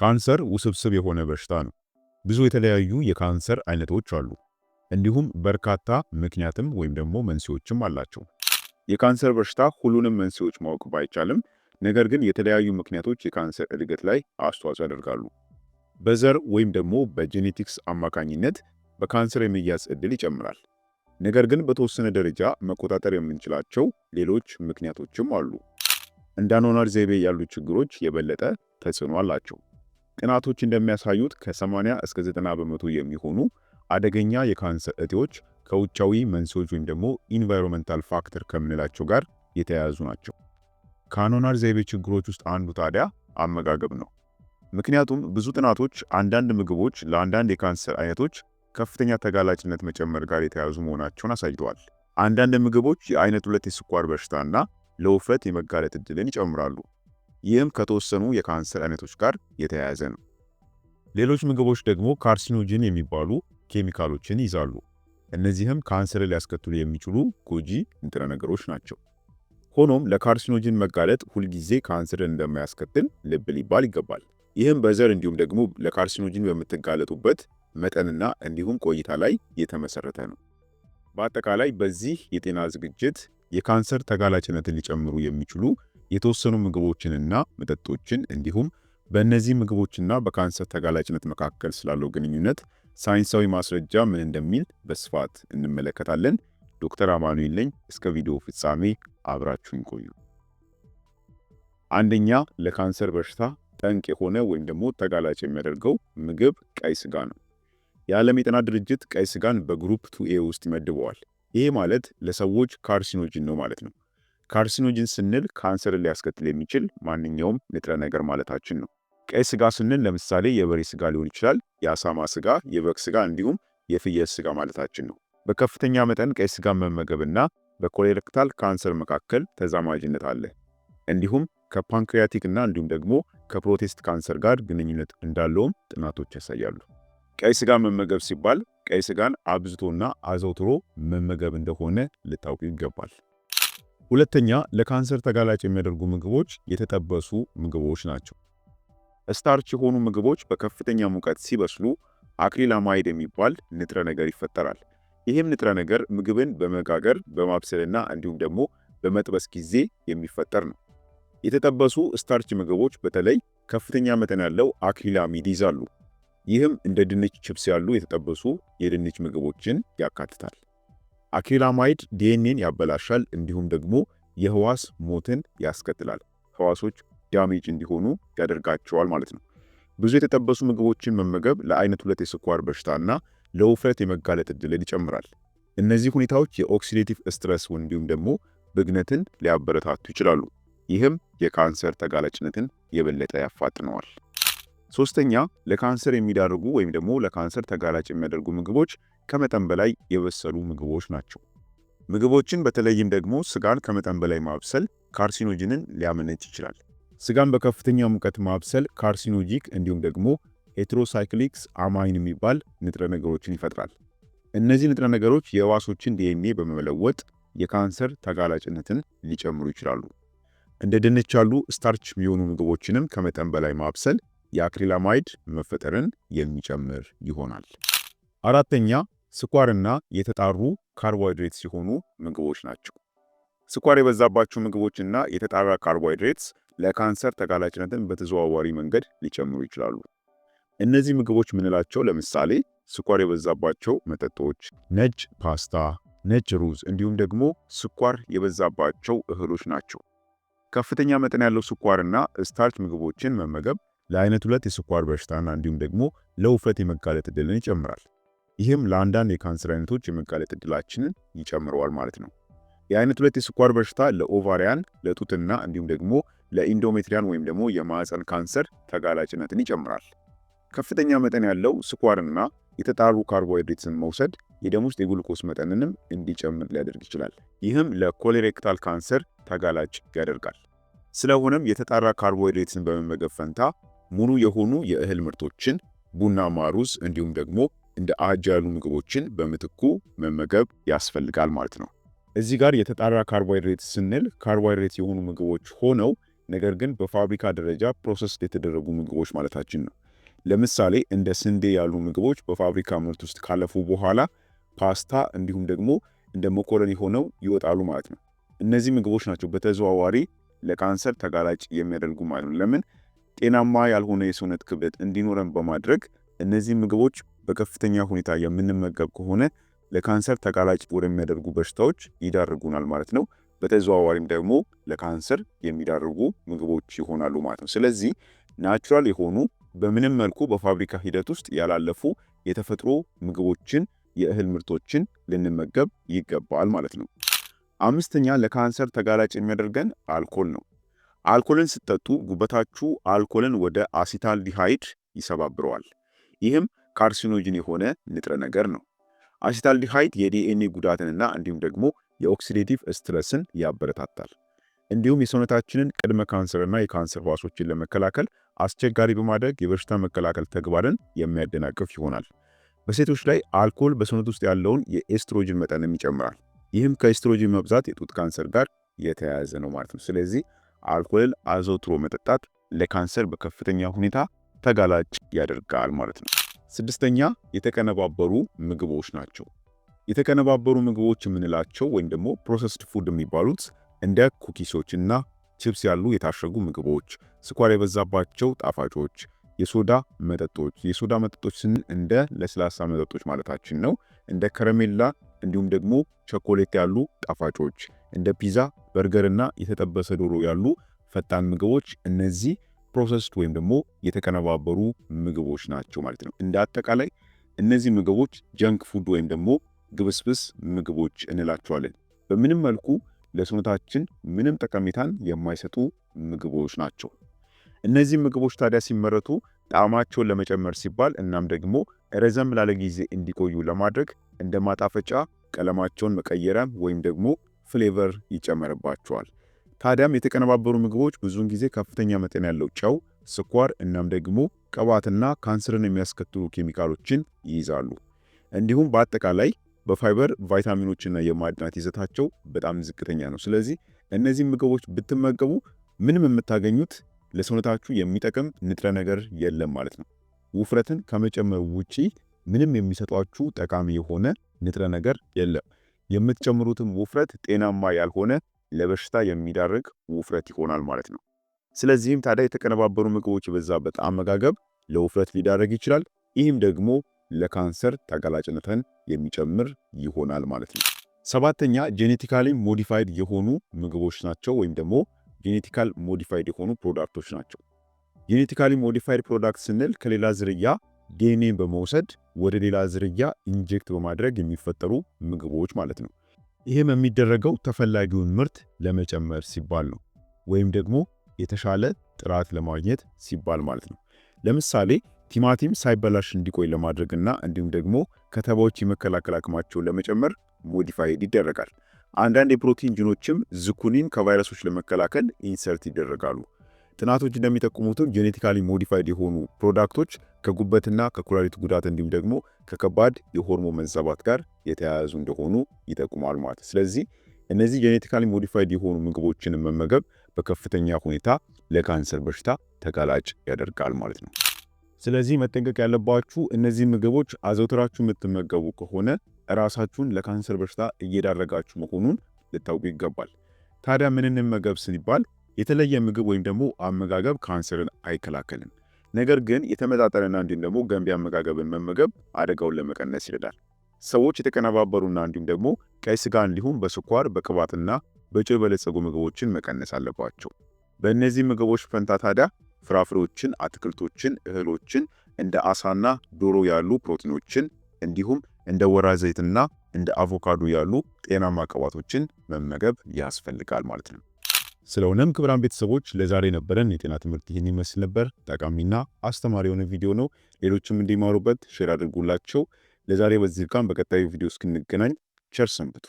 ካንሰር ውስብስብ የሆነ በሽታ ነው። ብዙ የተለያዩ የካንሰር አይነቶች አሉ። እንዲሁም በርካታ ምክንያትም ወይም ደግሞ መንስኤዎችም አላቸው። የካንሰር በሽታ ሁሉንም መንስኤዎች ማወቅ ባይቻልም፣ ነገር ግን የተለያዩ ምክንያቶች የካንሰር እድገት ላይ አስተዋጽኦ ያደርጋሉ። በዘር ወይም ደግሞ በጄኔቲክስ አማካኝነት በካንሰር የመያዝ እድል ይጨምራል። ነገር ግን በተወሰነ ደረጃ መቆጣጠር የምንችላቸው ሌሎች ምክንያቶችም አሉ። እንደ አኗኗር ዘይቤ ያሉ ችግሮች የበለጠ ተጽዕኖ አላቸው። ጥናቶች እንደሚያሳዩት ከ80 እስከ 90 በመቶ የሚሆኑ አደገኛ የካንሰር እጢዎች ከውጫዊ መንስኤዎች ወይም ደግሞ ኢንቫይሮንመንታል ፋክተር ከምንላቸው ጋር የተያያዙ ናቸው። ካኖናር ዘይቤ ችግሮች ውስጥ አንዱ ታዲያ አመጋገብ ነው። ምክንያቱም ብዙ ጥናቶች አንዳንድ ምግቦች ለአንዳንድ የካንሰር አይነቶች ከፍተኛ ተጋላጭነት መጨመር ጋር የተያያዙ መሆናቸውን አሳይተዋል። አንዳንድ ምግቦች የአይነት ሁለት የስኳር በሽታና ለውፍረት የመጋለጥ እድልን ይጨምራሉ። ይህም ከተወሰኑ የካንሰር አይነቶች ጋር የተያያዘ ነው። ሌሎች ምግቦች ደግሞ ካርሲኖጅን የሚባሉ ኬሚካሎችን ይዛሉ። እነዚህም ካንሰር ሊያስከትሉ የሚችሉ ጎጂ ንጥረ ነገሮች ናቸው። ሆኖም ለካርሲኖጅን መጋለጥ ሁልጊዜ ካንሰርን እንደማያስከትል ልብ ሊባል ይገባል። ይህም በዘር እንዲሁም ደግሞ ለካርሲኖጅን በምትጋለጡበት መጠንና እንዲሁም ቆይታ ላይ የተመሰረተ ነው። በአጠቃላይ በዚህ የጤና ዝግጅት የካንሰር ተጋላጭነትን ሊጨምሩ የሚችሉ የተወሰኑ ምግቦችንና መጠጦችን እንዲሁም በእነዚህ ምግቦችና በካንሰር ተጋላጭነት መካከል ስላለው ግንኙነት ሳይንሳዊ ማስረጃ ምን እንደሚል በስፋት እንመለከታለን። ዶክተር አማኑኤል ነኝ። እስከ ቪዲዮ ፍጻሜ አብራችሁን ቆዩ። አንደኛ ለካንሰር በሽታ ጠንቅ የሆነ ወይም ደግሞ ተጋላጭ የሚያደርገው ምግብ ቀይ ስጋ ነው። የዓለም የጤና ድርጅት ቀይ ስጋን በግሩፕ ቱኤ ውስጥ ይመድበዋል። ይሄ ማለት ለሰዎች ካርሲኖጅን ነው ማለት ነው። ካርሲኖጅን ስንል ካንሰርን ሊያስከትል የሚችል ማንኛውም ንጥረ ነገር ማለታችን ነው። ቀይ ስጋ ስንል ለምሳሌ የበሬ ስጋ ሊሆን ይችላል፣ የአሳማ ስጋ፣ የበግ ስጋ እንዲሁም የፍየል ስጋ ማለታችን ነው። በከፍተኛ መጠን ቀይ ስጋ መመገብና በኮሌሬክታል ካንሰር መካከል ተዛማጅነት አለ። እንዲሁም ከፓንክሪያቲክ እና እንዲሁም ደግሞ ከፕሮቴስት ካንሰር ጋር ግንኙነት እንዳለውም ጥናቶች ያሳያሉ። ቀይ ስጋ መመገብ ሲባል ቀይ ስጋን አብዝቶና አዘውትሮ መመገብ እንደሆነ ልታውቅ ይገባል። ሁለተኛ ለካንሰር ተጋላጭ የሚያደርጉ ምግቦች የተጠበሱ ምግቦች ናቸው። ስታርች የሆኑ ምግቦች በከፍተኛ ሙቀት ሲበስሉ አክሪላማይድ የሚባል ንጥረ ነገር ይፈጠራል። ይህም ንጥረ ነገር ምግብን በመጋገር በማብሰልና እንዲሁም ደግሞ በመጥበስ ጊዜ የሚፈጠር ነው። የተጠበሱ ስታርች ምግቦች በተለይ ከፍተኛ መጠን ያለው አክሪላሚድ ይዛሉ። ይህም እንደ ድንች ችፕስ ያሉ የተጠበሱ የድንች ምግቦችን ያካትታል። አኪላማይድ ዲኤንኤን ያበላሻል፣ እንዲሁም ደግሞ የህዋስ ሞትን ያስከትላል። ህዋሶች ዳሜጅ እንዲሆኑ ያደርጋቸዋል ማለት ነው። ብዙ የተጠበሱ ምግቦችን መመገብ ለአይነት ሁለት የስኳር በሽታና ለውፍረት የመጋለጥ እድልን ይጨምራል። እነዚህ ሁኔታዎች የኦክሲዴቲቭ ስትረስ እንዲሁም ደግሞ ብግነትን ሊያበረታቱ ይችላሉ። ይህም የካንሰር ተጋላጭነትን የበለጠ ያፋጥነዋል። ሶስተኛ ለካንሰር የሚዳርጉ ወይም ደግሞ ለካንሰር ተጋላጭ የሚያደርጉ ምግቦች ከመጠን በላይ የበሰሉ ምግቦች ናቸው። ምግቦችን በተለይም ደግሞ ስጋን ከመጠን በላይ ማብሰል ካርሲኖጂንን ሊያመነጭ ይችላል። ስጋን በከፍተኛ ሙቀት ማብሰል ካርሲኖጂክ እንዲሁም ደግሞ ሄትሮሳይክሊክስ አማይን የሚባል ንጥረ ነገሮችን ይፈጥራል። እነዚህ ንጥረ ነገሮች የህዋሶችን ዲኤንኤ በመለወጥ የካንሰር ተጋላጭነትን ሊጨምሩ ይችላሉ። እንደ ድንች ያሉ ስታርች የሚሆኑ ምግቦችንም ከመጠን በላይ ማብሰል የአክሪላማይድ መፈጠርን የሚጨምር ይሆናል። አራተኛ ስኳርና የተጣሩ ካርቦሃይድሬት ሲሆኑ ምግቦች ናቸው። ስኳር የበዛባቸው ምግቦችና የተጣራ ካርቦሃይድሬትስ ለካንሰር ተጋላጭነትን በተዘዋዋሪ መንገድ ሊጨምሩ ይችላሉ። እነዚህ ምግቦች ምንላቸው? ለምሳሌ ስኳር የበዛባቸው መጠጦች፣ ነጭ ፓስታ፣ ነጭ ሩዝ እንዲሁም ደግሞ ስኳር የበዛባቸው እህሎች ናቸው። ከፍተኛ መጠን ያለው ስኳርና ስታርች ምግቦችን መመገብ ለአይነት ሁለት የስኳር በሽታና እንዲሁም ደግሞ ለውፍረት የመጋለጥ እድልን ይጨምራል። ይህም ለአንዳንድ የካንሰር አይነቶች የመጋለጥ እድላችንን ይጨምረዋል ማለት ነው። የአይነት ሁለት የስኳር በሽታ ለኦቫሪያን፣ ለጡትና እንዲሁም ደግሞ ለኢንዶሜትሪያን ወይም ደግሞ የማዕፀን ካንሰር ተጋላጭነትን ይጨምራል። ከፍተኛ መጠን ያለው ስኳርና የተጣሩ ካርቦሃይድሬትስን መውሰድ የደም ውስጥ የግሉኮስ መጠንንም እንዲጨምር ሊያደርግ ይችላል። ይህም ለኮሌሬክታል ካንሰር ተጋላጭ ያደርጋል። ስለሆነም የተጣራ ካርቦሃይድሬትስን በመመገብ ፈንታ ሙሉ የሆኑ የእህል ምርቶችን ቡናማ ሩዝ እንዲሁም ደግሞ እንደ አጅ ያሉ ምግቦችን በምትኩ መመገብ ያስፈልጋል ማለት ነው። እዚህ ጋር የተጣራ ካርቦሃይድሬት ስንል ካርቦሃይድሬት የሆኑ ምግቦች ሆነው ነገር ግን በፋብሪካ ደረጃ ፕሮሰስ የተደረጉ ምግቦች ማለታችን ነው። ለምሳሌ እንደ ስንዴ ያሉ ምግቦች በፋብሪካ ምርት ውስጥ ካለፉ በኋላ ፓስታ እንዲሁም ደግሞ እንደ መኮረኒ ሆነው ይወጣሉ ማለት ነው። እነዚህ ምግቦች ናቸው በተዘዋዋሪ ለካንሰር ተጋላጭ የሚያደርጉ ማለት ነው። ለምን ጤናማ ያልሆነ የሰውነት ክብደት እንዲኖረን በማድረግ እነዚህ ምግቦች በከፍተኛ ሁኔታ የምንመገብ ከሆነ ለካንሰር ተጋላጭ ወደሚያደርጉ በሽታዎች ይዳርጉናል ማለት ነው። በተዘዋዋሪም ደግሞ ለካንሰር የሚዳርጉ ምግቦች ይሆናሉ ማለት ነው። ስለዚህ ናቹራል የሆኑ በምንም መልኩ በፋብሪካ ሂደት ውስጥ ያላለፉ የተፈጥሮ ምግቦችን፣ የእህል ምርቶችን ልንመገብ ይገባል ማለት ነው። አምስተኛ ለካንሰር ተጋላጭ የሚያደርገን አልኮል ነው። አልኮልን ስትጠጡ ጉበታችሁ አልኮልን ወደ አሲታል ዲሃይድ ይሰባብረዋል። ይህም ካርሲኖጅን የሆነ ንጥረ ነገር ነው። አሲታል ዲሃይድ የዲኤንኤ ጉዳትንና እንዲሁም ደግሞ የኦክሲዴቲቭ ስትረስን ያበረታታል። እንዲሁም የሰውነታችንን ቅድመ ካንሰርና የካንሰር ህዋሶችን ለመከላከል አስቸጋሪ በማድረግ የበሽታ መከላከል ተግባርን የሚያደናቅፍ ይሆናል። በሴቶች ላይ አልኮል በሰውነት ውስጥ ያለውን የኤስትሮጅን መጠንም ይጨምራል። ይህም ከኤስትሮጅን መብዛት የጡት ካንሰር ጋር የተያያዘ ነው ማለት ነው። ስለዚህ አልኮል አዘውትሮ መጠጣት ለካንሰር በከፍተኛ ሁኔታ ተጋላጭ ያደርጋል ማለት ነው። ስድስተኛ የተቀነባበሩ ምግቦች ናቸው። የተቀነባበሩ ምግቦች የምንላቸው ወይም ደግሞ ፕሮሰስድ ፉድ የሚባሉት እንደ ኩኪሶች እና ቺፕስ ያሉ የታሸጉ ምግቦች፣ ስኳር የበዛባቸው ጣፋጮች፣ የሶዳ መጠጦች የሶዳ መጠጦች ስንል እንደ ለስላሳ መጠጦች ማለታችን ነው። እንደ ከረሜላ እንዲሁም ደግሞ ቸኮሌት ያሉ ጣፋጮች እንደ ፒዛ በርገርና የተጠበሰ ዶሮ ያሉ ፈጣን ምግቦች እነዚህ ፕሮሰስድ ወይም ደግሞ የተቀነባበሩ ምግቦች ናቸው ማለት ነው። እንደ አጠቃላይ እነዚህ ምግቦች ጀንክ ፉድ ወይም ደግሞ ግብስብስ ምግቦች እንላቸዋለን። በምንም መልኩ ለሰውነታችን ምንም ጠቀሜታን የማይሰጡ ምግቦች ናቸው። እነዚህ ምግቦች ታዲያ ሲመረቱ ጣዕማቸውን ለመጨመር ሲባል እናም ደግሞ ረዘም ላለ ጊዜ እንዲቆዩ ለማድረግ እንደ ማጣፈጫ ቀለማቸውን መቀየሪያም ወይም ደግሞ ፍሌቨር ይጨመርባቸዋል። ታዲያም የተቀነባበሩ ምግቦች ብዙውን ጊዜ ከፍተኛ መጠን ያለው ጨው፣ ስኳር እናም ደግሞ ቅባትና ካንሰርን የሚያስከትሉ ኬሚካሎችን ይይዛሉ። እንዲሁም በአጠቃላይ በፋይበር ቫይታሚኖችና የማዕድናት ይዘታቸው በጣም ዝቅተኛ ነው። ስለዚህ እነዚህ ምግቦች ብትመገቡ ምንም የምታገኙት ለሰውነታችሁ የሚጠቅም ንጥረ ነገር የለም ማለት ነው። ውፍረትን ከመጨመር ውጪ ምንም የሚሰጧችሁ ጠቃሚ የሆነ ንጥረ ነገር የለም። የምትጨምሩትም ውፍረት ጤናማ ያልሆነ ለበሽታ የሚዳርግ ውፍረት ይሆናል ማለት ነው። ስለዚህም ታዲያ የተቀነባበሩ ምግቦች የበዛበት አመጋገብ ለውፍረት ሊዳረግ ይችላል። ይህም ደግሞ ለካንሰር ተጋላጭነትን የሚጨምር ይሆናል ማለት ነው። ሰባተኛ ጄኔቲካሊ ሞዲፋይድ የሆኑ ምግቦች ናቸው ወይም ደግሞ ጄኔቲካል ሞዲፋይድ የሆኑ ፕሮዳክቶች ናቸው። ጄኔቲካሊ ሞዲፋይድ ፕሮዳክት ስንል ከሌላ ዝርያ ዲኤንኤ በመውሰድ ወደ ሌላ ዝርያ ኢንጀክት በማድረግ የሚፈጠሩ ምግቦች ማለት ነው። ይህም የሚደረገው ተፈላጊውን ምርት ለመጨመር ሲባል ነው፣ ወይም ደግሞ የተሻለ ጥራት ለማግኘት ሲባል ማለት ነው። ለምሳሌ ቲማቲም ሳይበላሽ እንዲቆይ ለማድረግና እንዲሁም ደግሞ ከተባዎች የመከላከል አቅማቸውን ለመጨመር ሞዲፋይድ ይደረጋል። አንዳንድ የፕሮቲን ጅኖችም ዝኩኒን ከቫይረሶች ለመከላከል ኢንሰርት ይደረጋሉ። ጥናቶች እንደሚጠቁሙትም ጄኔቲካሊ ሞዲፋይድ የሆኑ ፕሮዳክቶች ከጉበትና ከኩላሊት ጉዳት እንዲሁም ደግሞ ከከባድ የሆርሞን መንዛባት ጋር የተያያዙ እንደሆኑ ይጠቁማል ማለት ነው። ስለዚህ እነዚህ ጄኔቲካሊ ሞዲፋይድ የሆኑ ምግቦችን መመገብ በከፍተኛ ሁኔታ ለካንሰር በሽታ ተጋላጭ ያደርጋል ማለት ነው። ስለዚህ መጠንቀቅ ያለባችሁ እነዚህ ምግቦች አዘውትራችሁ የምትመገቡ ከሆነ ራሳችሁን ለካንሰር በሽታ እየዳረጋችሁ መሆኑን ልታውቁ ይገባል። ታዲያ ምን እንመገብ ሲባል የተለየ ምግብ ወይም ደግሞ አመጋገብ ካንሰርን አይከላከልም። ነገር ግን የተመጣጠነና እንዲሁም ደግሞ ገንቢ አመጋገብን መመገብ አደጋውን ለመቀነስ ይረዳል። ሰዎች የተቀነባበሩና እንዲሁም ደግሞ ቀይ ስጋ እንዲሁም በስኳር በቅባትና በጨው የበለጸጉ ምግቦችን መቀነስ አለባቸው። በእነዚህ ምግቦች ፈንታ ታዲያ ፍራፍሬዎችን፣ አትክልቶችን፣ እህሎችን እንደ አሳና ዶሮ ያሉ ፕሮቲኖችን እንዲሁም እንደ ወራ ዘይትና እንደ አቮካዶ ያሉ ጤናማ ቅባቶችን መመገብ ያስፈልጋል ማለት ነው። ስለሆነም ክብራን ቤተሰቦች ለዛሬ ነበረን የጤና ትምህርት ይህን ይመስል ነበር። ጠቃሚና አስተማሪ የሆነ ቪዲዮ ነው። ሌሎችም እንዲማሩበት ሼር አድርጉላቸው። ለዛሬ በዚህ ቃን በቀጣዩ ቪዲዮ እስክንገናኝ ቸር ሰንብቱ።